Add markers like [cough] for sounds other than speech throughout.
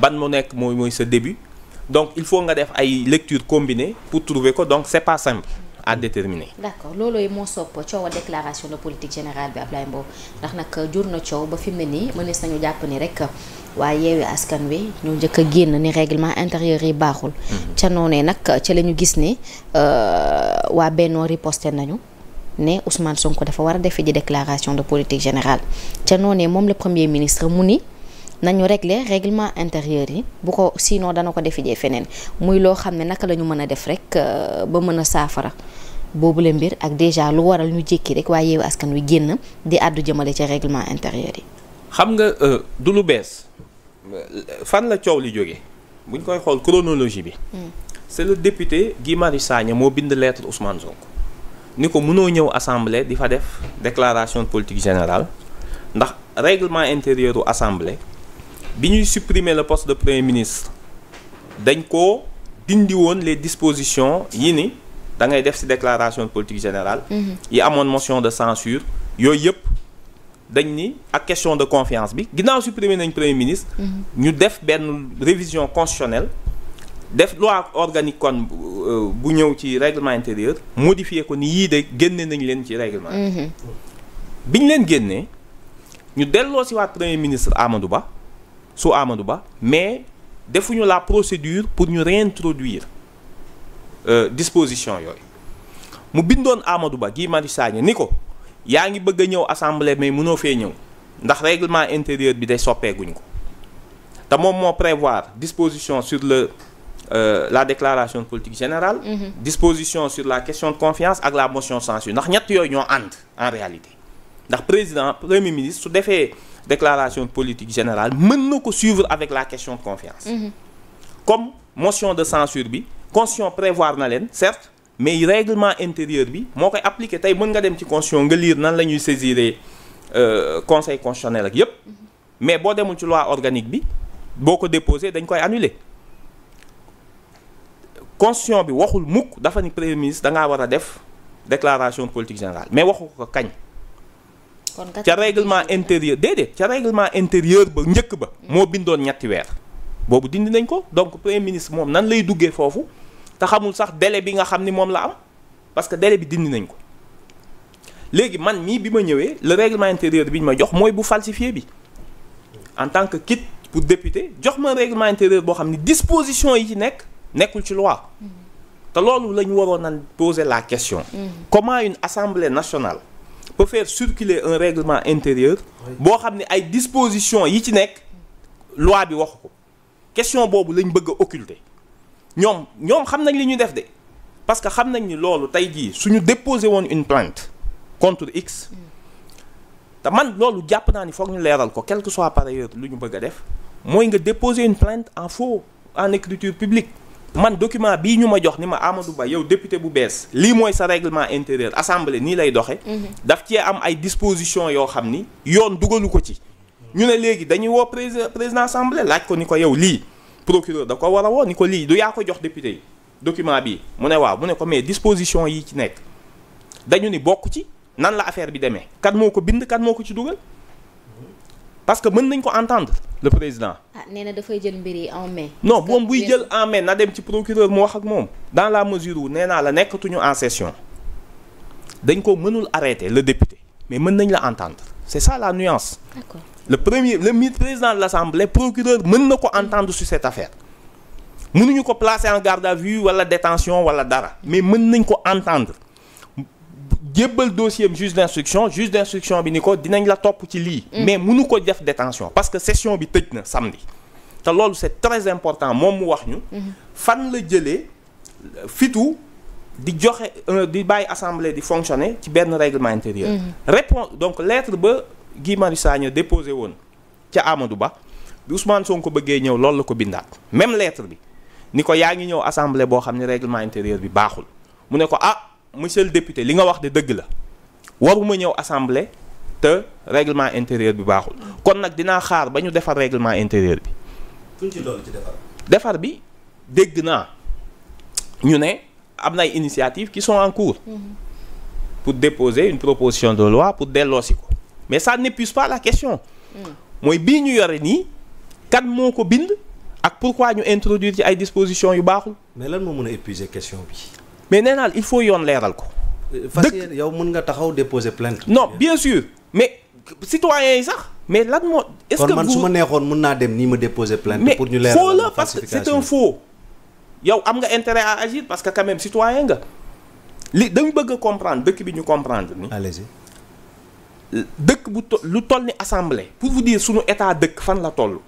ban mu nekk mooy mooy sa début donc il faut nga def ay lecture combinée pour trouver ko donc c'est pas simple à déterminer. d'accord loolooy moo sopp coow a déclaration de politique générale bi Ablaye Mbow ndax nag jur na coow ba fi mu ne nii mënees nañu jàpp ni rek waaye askan wi ñu njëkk a génn ni règlement intérieur yi baaxul. Mhm. ca noonee nag ca la ñu gis ni euh, waa Benno riposté nañu ne Ousmane Sonko dafa war a defe ji declaration de politique général ca noonee moom le premier ministre mu ni. nañu régler règlement intérieur yi bu ko sinon dana ko defi jee feneen muy loo xam ne naka lañu mën a def rek euh, ba mën a saafara boobu boobule mbir ak déjà lu waral ñu jékki rek waaye yeewu askan wi génn di àddu jëmale ci règlement intérieur yi. xam nga euh, du lu bees fan la coow li jógee buñ koy xool chronologie bi. Hmm. c'est le député Guy Marius Sagna moo bind lettre Ousmane Sonko ni ko mënoo ñëw assemblée di fa def déclaration de politique générale ndax règlement intérieur u bi ñuy supprimer la poste de premier ministre dañ ko dindi woon les dispositions yi ni da ngay def si déclaration de général générale mm-hmm. yi amoon motion de censure yooyu yëpp dañ ni ak question de confiance bi ginnaaw supprimer nañ premier ministre mm-hmm. ñu def benn révision constitutionnelle def loi organique kon euh, bu ñëw ci règlement intérieur modifié ko ni yii de génne nañ leen ci règlement mm-hmm. biñ leen génnee ñu delloo si waat premier ministre Amadou Ba su Amadou Ba mais defuñu la procédure pour ñu réintroduire euh, disposition yooyu mu bindoon Amadou Ba Guy Marius ni ko yaa ngi bëgg a ñëw assemblée mais munoo fee ñëw ndax règlement intérieur bi day soppeeguñ ko te moom moo prévoir disposition sur le euh, la déclaration de politique générale mhm. disposition sur la question de confiance ak la motion de censure ndax ñett yooyu ñoo ànd en réalité ndax président premier ministre su defee déclaration politique générale mën na ko suivre avec la question de confiance mhm. comme motion de censure bi constitution prévoir na leen certes mais règlement intérieur bi moo koy appliqué tey mën nga dem ci constitution nga liir nan la ñuy saisir euh, conseil constitutionnel ak yépp mhm. mais boo demul ci loi organique bi boo ko déposé dañ koy annuler constitution bi waxul mukk dafa ni premier ministre da ngaa war a def déclaration politique générale mais waxu ko kañ ca règlement intérieur déedéet ca règlement intérieur ba njëkk ba moo bindoon ñetti weer boobu dindi nañ ko donc premier ministre moom nan lay duggee foofu te xamul sax délai bi nga xam ni moom la am parce que délai bi dindi nañ ko léegi man mii bi ma ñëwee le règlement intérieur bi ñu ma jox mooy bu falsifié bi en tant que kit pour député jox ma règlement intérieur boo xam ni disposition yi ci nekk nekkul ci loi mm-hmm. te loolu la ñu waroon a poser la question mm-hmm. comment une assemblée peut faire circuler un règlement intérieur boo xam ne ay dispositions yi ci nekk loi bi waxu ko question boobu lañ bëgg a occulter ñoom ñoom xam nañ li ñu def de parce que xam nañ ni loolu tey jii suñu déposé woon une plainte contre X te man loolu jàpp naa ni foog ñu leeral ko quel que soit par lu ñu bëgg def mooy nga déposer une plainte en faux en écriture publique man document bii ñu ma jox ni ma Amadou Ba yow député bu bees lii mooy sa règlement intérieur assemblée nii lay doxe mhm. daf cee am ay disposition yoo xam ni yoon dugalu ko ci ñu ne léegi dañu woo président président assemblée laaj ko ni ko yow lii procureur da ko war woo ni ko lii du yaa ko jox député yi document bii mu ne waaw mu ne ko mais disposition yi ci nekk dañu ni bokk ci nan la affaire bi demee kan moo ko bind kan moo ko ci dugal parce que mën nañ ko entendre le président. ah nee na dafay jël mbir yi en main. non moom buy jël en main na dem ci procureur mu wax ak moom. dans la mesure wu nee naa la nekkatuñu en session dañ ko mënul arrêter le député mais mën nañ la entendre c'est ça la nuance. d'accord le premier le mi président de l'assemblée procureur mën na ko entendre sur cette affaire. mënuñu ko placer en garde à vue wala détention wala dara mais mën nañ ko entendre. jébbal dossier am juge d'instruction juge d'instruction bi ni ko dinañ la topp ci lii. Mm. mais nu ko def détention parce que session bi tëj na samedi. te lool c'est très important moom mu wax ñu. Mm-hmm. fan la jëlee fitu di joxe euh, di bàyyi assemblée di fonctionner ci benn règlement intérieur. Mm-hmm. réponse donc lettre ba Guy Marius Sagna déposé woon ca Amadou Ba bi Ousmane Sonko bëggee ñëw loolu la ko bindaat même lettre bi ni ko yaa ngi ñëw assemblée boo xam ne règlement intérieur bi baaxul monsieur le député li nga wax de dëgg la waruma ñëw assemblée te règlement intérieur bi baaxul kon nag dinaa xaar ba ñu defar règlement intérieur bi. defar. bi dégg naa ñu ne am na ay initiatives qui sont en cours. Mhm. pour déposer une proposition de loi pour delloosi ko mais ça n'épuise pas la question. Mhm. mooy bii ñu yore nii kan moo ko bind. ak pourquoi ñu introduire ci ay dispositions yu baaxul. mais lan moo mën a épuiser question bi. mais nee naa il faut yoon leeral ko. dëkk yow mën nga taxaw déposer plainte. non bien sûr mais citoyens yi sax. mais lan moo est-ce su ma neexoon mun naa dem nii ma déposer plainte. pour ñu leeral faux la parce que c'est un yow am nga intérêt à agir parce que quand même citoyen nga. li dañu bëgg a comprendre dëkk bi ñu comprendre ni. allez dëkk bu to lu toll ni assemblée. pour vous dire suñu état dëkk fan la toll.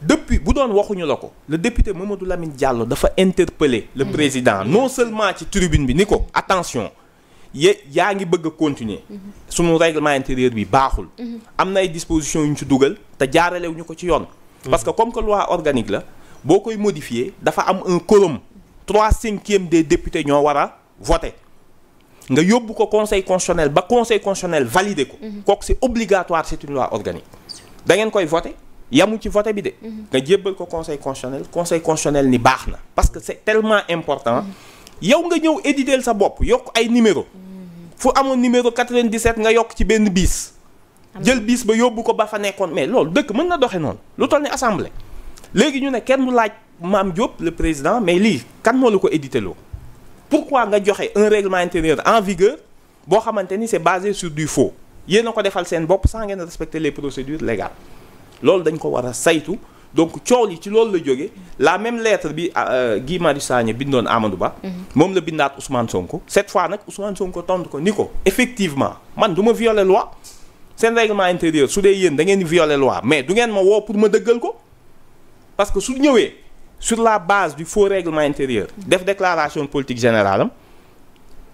depuis bu doon waxuñu la ko le député Mamadou Lamine jàll dafa interpeller le mm. président non seulement ci tribune bi ni ko attention ye yaa ngi bëgg a continuer mm-hmm. sunu règlement intérieur bi baaxul mm-hmm. am na ay dispositions yu ñu ci dugal te jaaralew ñu ko ci yoon mm-hmm. parce que comme que loi organique la boo koy modifier dafa am un quorum trois cinquièmes des députés ñoo war a voter nga yóbbu ko conseil constitutionnel ba conseil constitutionnel valider ko kooku c'est obligatoire c'est une organique da ngeen koy voter yamu ci voté bi de. Mhm. nga jébbal ko conseil constitutionnel conseil ni baax na parce que c'est tellement important mhm. yow nga ñëw éditeel sa bopp yokk ay numéro mhm. fu amoon numéro 97 nga yokk ci benn biis. jël biis ba yóbbu ko ba fa nekkoon mais loolu dëkk mën na doxe noonu lu toll ni assemblée. léegi ñu ne kenn du laaj maam Diop le président mais lii kan moo la ko édité loo pourquoi nga joxe un règlement intérieur en vigueur boo xamante ni c'est base sur du faux yéen a ko defal seen bopp sans ngeen respecter les procédures légales. loolu dañ ko war a saytu donc coow li ci loolu la jóge la même lettre bi euh, Guy Marius Sagna bindoon Amadou Ba. Mhm. moom la bindaat Ousmane Sonko. cette fois nag Ousmane Sonko tontu ko ni ko effectivement man du ma violer loi seen règlement intérieur su dee yéen dangeen ngeen di loi mais du ngeen ma woo pour ma dëggal ko parce que su ñëwee sur la base du faux règlement intérieur. def déclaration politique général am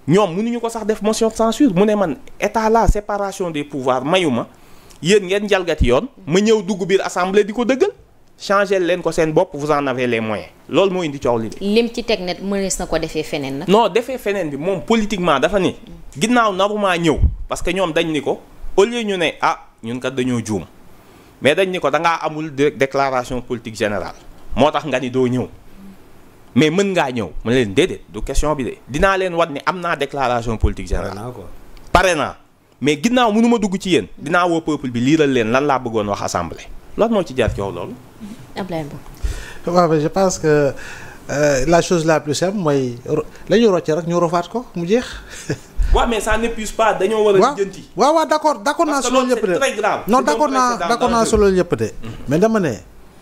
ñoom nu ñu ko sax def motion de censure mu ne man état la séparation des pouvoirs mayu ma. yéen ngeen jalgati yoon ma ñëw dugg biir assemblée di ko dëggal changer leen ko seen bopp vous en avez les moyens loolu moo indi coow li de. lim ci teg nag mënees na ko defee feneen nag. noo defee feneen bi moom politiquement dafa ni ginnaaw narumaa ñëw parce que ñoom dañ ni ko au lieu ñu ne ah ñun kat dañoo juum mais dañ ni ko da ngaa amul déclaration politique général moo tax nga ni doo ñëw mais mën ngaa ñëw mu ne leen déedéet du question bi de dinaa leen wat ni am naa déclaration politique générale pare naa mais ginnaaw mënu ma dugg ci yéen dinaa woo peuple bi liiral leen lan laa bëggoon wax assemblée lan moo ci jaar coow loolu. Ablaye Mbow. waaw je pense que euh, la chose la plus simple mooy la ñu rocce rek ñu rofaat ko mu jeex. waaw [laughs] mais ça n'épuise pas dañoo war a waaw waaw d' accord d' accord naa su loolu yëpp de. non d' accord naa d' accord naa su loolu yëpp de. Mhm. mais dama ne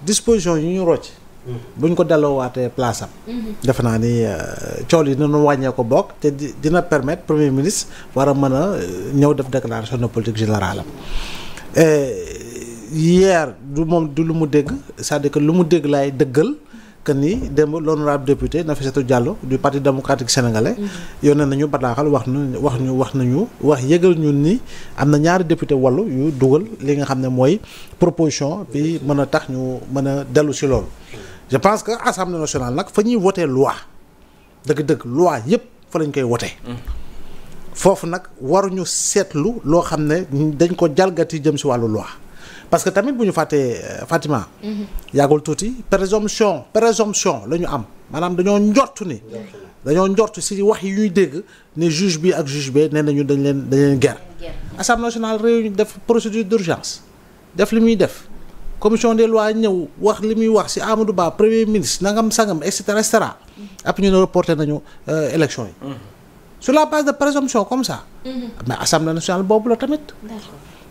disposition yu ñu rocc. bu buñ ko delloowaatee place am. Mhm. defe naa ni euh, cool yi dinañu wàññee ko bokk te dina permettre premier ministre war a mën a euh, ñëw def déclaration de politique générale am. hier du moom du lu mu dégg cest à que lu mu dégg laay dëggal. que ni démb l'honorable député Nafissatou Diallo du parti démocratique sénégalais. Mhm. yónnee nañu bataaxal wax nu wax ñu wax nañu wax yëgal ñu ni am na ñaari député wàllu yu dugal li nga xam ne mooy proposition bi mën a tax ñu mën a dellu si loolu. je pense que assemblée nationale nag fa ñuy wotee loi dëgg-dëgg loi yëpp fa lañ koy wotee. Mhm. foofu nag waruñu seetlu loo xam ne dañ ko jalgati jëm si wàllu loi. parce que tamit bu ñu fàttee euh, Fatima. Mhm. yàggul tuuti présomption présomption la ñu am maanaam dañoo njortu ni. dañoo njortu si wax yi ñuy dégg ne juge bi ak juge bee nee nañu leen dañ leen guerre. assemblée nationale réew ñu def procédure d'urgence def li muy def commission des lois ñëw wax li muy wax si Amadou Ba premier ministre nangam sangam et cetera et cetera. Mhm. ap ñu ne reporté nañu euh, élection yi. Mhm. sur la base de présomption comme ça. mais assemblée nationale boobu la tamit.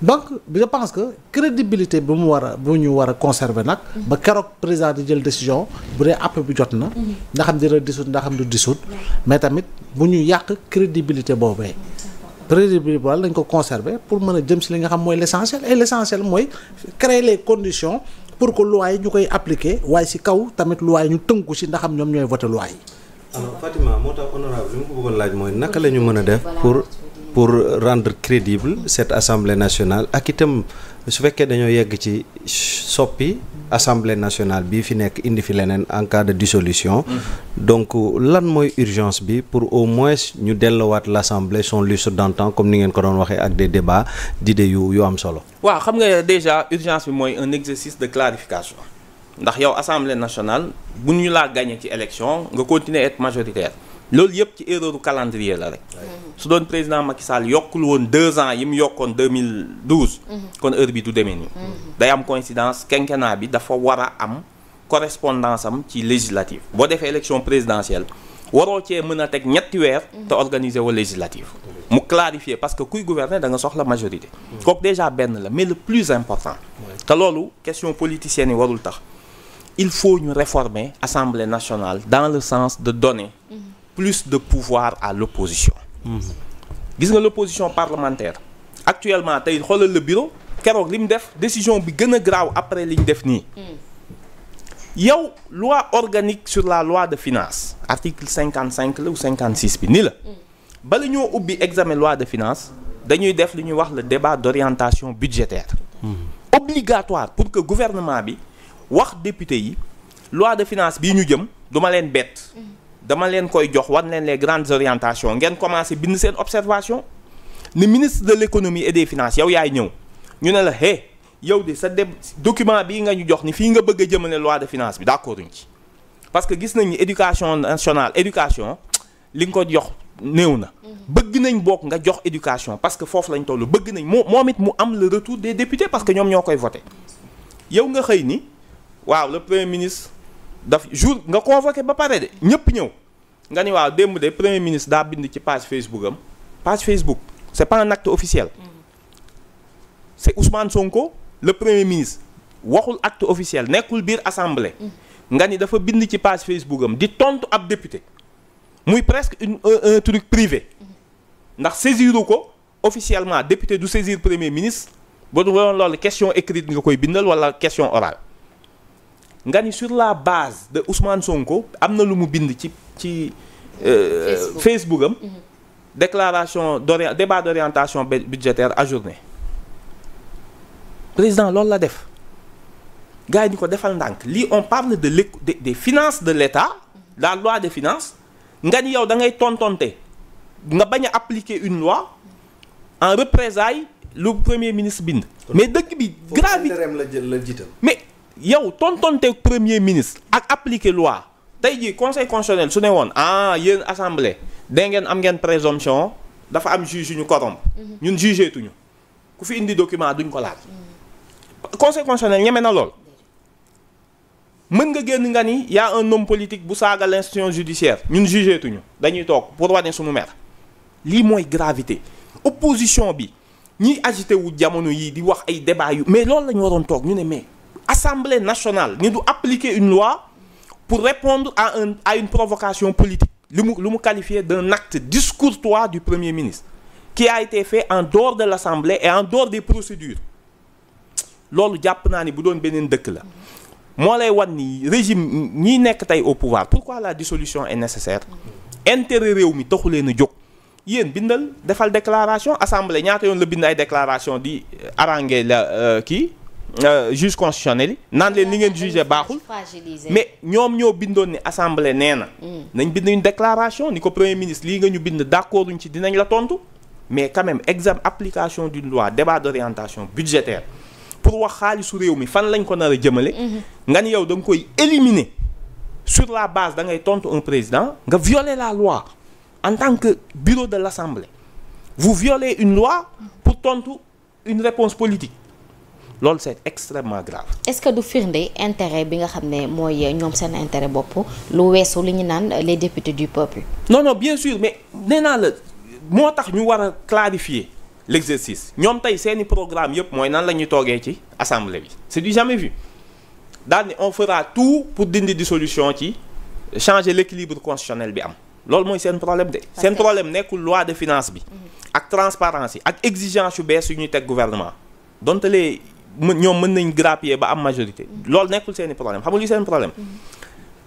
donc je pense que crédibilité bu mu war a bu ñu war a conserver nag. ba keroog président di jël décision bu dee app bi jot na. nga xam dina dissoudre nga xam du dissoudre mais tamit bu ñu yàq crédibilité boobee. crédibilité boobu dañ ko conserver pour mën a jëm si li nga xam mooy l' essentiel et mooy créer les conditions pour que loi yi ñu koy appliquer waaye si kaw tamit loi yi ñu tënku si ndax am ñoom ñooy voté loi yi. alors moo tax honorable laaj mooy naka la ñu mën a def pour. pour rendre crédible cette assemblée nationale ak itam su fekkee dañoo yegg ci soppi assemblée nationale bii fi nekk indi fi leneen en cas de dissolution. Mm-hmm. donc lan mooy urgence bi pour au moins ñu dellowaat l' assemblée son lustre d'antan comme ni ngeen ko doon waxee ak des débats d'idées yu yu am solo. waaw xam nga déjà urgence bi mooy un exercice de clarification ndax yow assemblée nationale bu ñu laa gagné ci élection nga continuer être majoritaire. loolu yëpp ci erreur calendrier la rek su doon président Macky yokkul woon deux ans yi mu yokkoon 2012 kon heure bi du demee nii day am coïncidence quinquennat bi dafa war a am correspondance am ci législative boo defee élection présidentielle waroo cee mën a teg ñetti weer te organiser wa législative mu clarifier parce que kuy gouverner da nga soxla majorité kooku déjà benn la mais le plus important te loolu question politicienne yi warul tax il faut ñu réformer assemblée nationale dans le sens de donner plus de pouvoir à l'opposition gis nga l'opposition parlementaire actuellement tey xoolal le bureau keroog li mu def décision bi gën a graaw après li ñu def nii hmm. yow loi organique sur la loi de finance article cinquante cinq la ou cinquante bi ni la hmm. bala ñoo ubbi examen loi de finances dañuy def li ñuy wax le débat d'orientation budgétaire hmm. obligatoire pour que gouvernement bi wax député yi loi de finances bii ñu jëm duma leen bett dama leen koy jox war leen les grandes orientations ngeen commencé bind seen observation ne ministre de l'économie et des finances yow yaay ñëw ñu ne la hé yow de sa deb document bii nga jox ni fii nga bëgg a jëmale loi de finance bi d'accord uñ ci parce que gis nañu éducation nationale éducation li nga ko jox néew na bëgg nañ bokk nga jox éducation parce que foofu lañ toll bëgg nañ moo moom it mu am le retour des députés parce que ñoom ñoo koy voté yow nga xëy ni waaw le ministre daf jour nga convoqué ba pare de ñëpp ñëw nga ni waaw démb de premier ministre daa bind ci page Facebook am page Facebook c'est pas un acte officiel mm-hmm. c'est Ousmane Sonko le premier ministre waxul acte officiel nekkul biir assemblée mm-hmm. nga ni dafa bind ci page Facebook am di tontu ab député muy presque une un, un truc privé mm-hmm. ndax saisiru ko officiellement député du saisir premier ministre ba du loolu question écrite nga koy bindal wala question orale nga ni sur la base de Ousmane Sonko am na lu mu bind ci ci euh, Facebook am mhm. déclaration d'ori débat d'orientation budgétaire ajourné président loolu la def gars yi ni ko defal ndànk lii on parle de l' des finance de l' état la loi de finance nga ni yow da ngay tontonte nga bañ a appliquer une loi en représailles lu premier ministre bind mais dëkk bi la grave mais yow tontonte premier ministre ak appliquer loi tey jii conseil constitutionnel su ne woon ah yéen assemblée da ngeen am ngeen présomption dafa am juge yu ñu corrompre mhm. ñun jugeetuñu ku fi indi document duñ ko laal conseil constitutionnel ñeme na lool mën nga génn nga ni y a un homme politique bu saaga l'institution judiciaire ñun jugeetuñu dañuy toog pour wane suñu mer lii mooy gravité opposition bi ñuy agité wu jamono yii di wax ay débat yu mais loolu la ñu waroon toog ñu ne mais assemblée nationale ni du appliquer une loi pour répondre à un à une provocation politique lu mu lu mu qualifié d'un acte discourtois du premier ministre qui a été fait en dehors de l'assemblée et en dehors des procédure loolu jàpp naa ni bu doon beneen dëkk la moo lay wan ni régime ñi nekk tey au pouvoir pourquoi la dissolution est nécessaire intérêt réew mi taxu leen a jóg yéen bindal defal déclaration assemblée ñaata yoon la bind ay déclaration di euh, arranger la euh, kii Euh, juge constitutionnel yi naan leen li ngeen jugé baaxul mais ñoom ñoo bindoon ni assemblée nee na hmm. nañ bind une déclaration ni ko premier ministre lii nga ñu bind d'accord uñ ci dinañ la tontu mais quand même exam application d'une loi débat d'orientation budgétaire pour wax su réew mi fan lañ ko nar a jëmale hmm. nga ni yow da koy éliminer sur la base da ngay tontu un président nga violer la loi en tant que bureau de l'assemblée vous violez une loi pour tontu une réponse politique loolu c'est extrêmement grave. est-ce que du firnde intérêt bi nga xam ne mooy ñoom seen intérêt bopp lu weesu li ñu naan les députés du peuple. non non bien sûr mais nee naa la moo tax ñu war a clarifier l'exercice ñoom tey seeni programme yëpp mooy nan la ñuy toogee ci assemblée bi c'est du jamais vu daal on fera tout pour dindi solution ci changer l'équilibre constitutionnel bi am. loolu mooy seen problème de seen problème nekkul loi de finance bi mhm. ak transparence ak exigence yu bees yu ñuy teg gouvernement ñoom mën nañ grappiller ba am majorité loolu nekkul seen i problème xamul li seen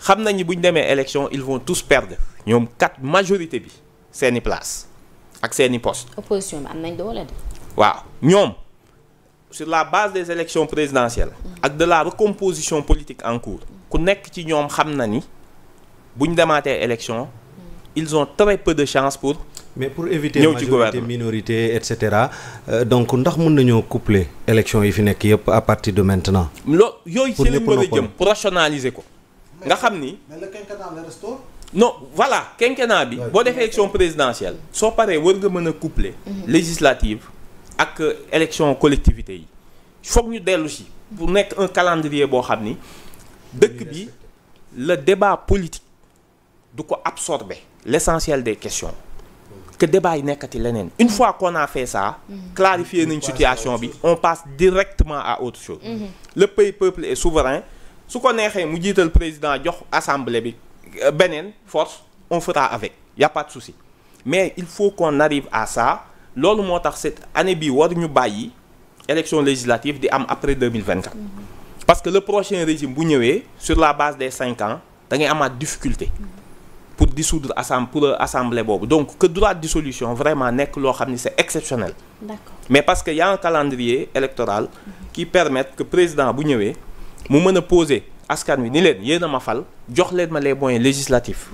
xam nañ ñi bu ñu demee élection ils vont tous perdre ñoom quatre majorité bi seen i place ak seen i poste opposition bi am nañ doole de. waaw ñoom sur la base des élections présidentielles ak de la recomposition politique en cours ku nekk ci ñoom xam na ni bu ñu demaatee élection ils ont très peu de chance pour mais pour éviter majorité minorité et cetera euh, donc ndax mun nañoo coupler élection yi fi nekk yëpp à parti de maintenant. loo yooyu ci lañ bëgg a jëm pour rationaliser ko. nga xam ni mais le voilà quinquennat bi boo defee élection présidentielle soo paree war nga mën a coupler. Mhm. législative ak euh, élection collectivité yi foog ñu dellu si. pour nekk un calendrier boo xam ni dëkk bi le débat politique du ko absorber l'essentiel des questions. que débat yi nekkati leneen une fois qu'on a fait ça clarifier nañ situation bi on passe directement à autre chose mm-hmm. le pays peuple est souverain su ko neexee mu jiital président jox assemblée bi euh, beneen force on fera avec y a pas de souci mais il faut qu'on arrive à ça loolu moo tax cette année bi war ñu bàyyi élection législative di am après 2024 mm-hmm. parce que le prochain régime bu ñëwee sur la base des cinq ans da ngay amaat difficulté mm-hmm. pour dissoudre assemblée pour assemblée boobu donc que droit de dissolution vraiment nekk loo xam ni c'est exceptionnel. d'accord. mais parce que y a un calendrier électoral. qui permet que président bu ñëwee mu mën a poser askan wi ni leen yéen a ma fal jox leen ma les moyens législatifs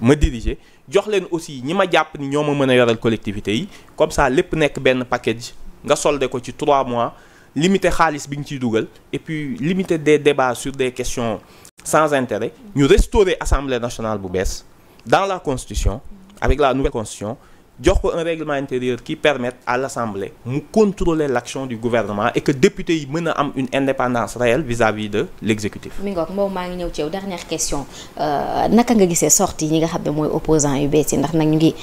ma diriger jox leen aussi ñi ma jàpp ni ñoo ma mën a yoral collectivités yi comme ça lépp nekk benn package nga solde ko ci trois mois limiter xaalis bi ñu ciy dugal et puis limiter des débats sur des questions. sans intérêt ñu restaurer assemblée nationale bu bees dans la constitution avec la nouvelle constitution jox ko un règlement intérieur qui permette à l'assemblée mu contrôler l'action du gouvernement et que député yi mën a am une indépendance réelle vis vis de l'exécutif ngi ñëw ci yow dernière question euh, naka nga gisee sortie yi nga xam ne mooy opposant yu bees yi ndax nag ñu ngi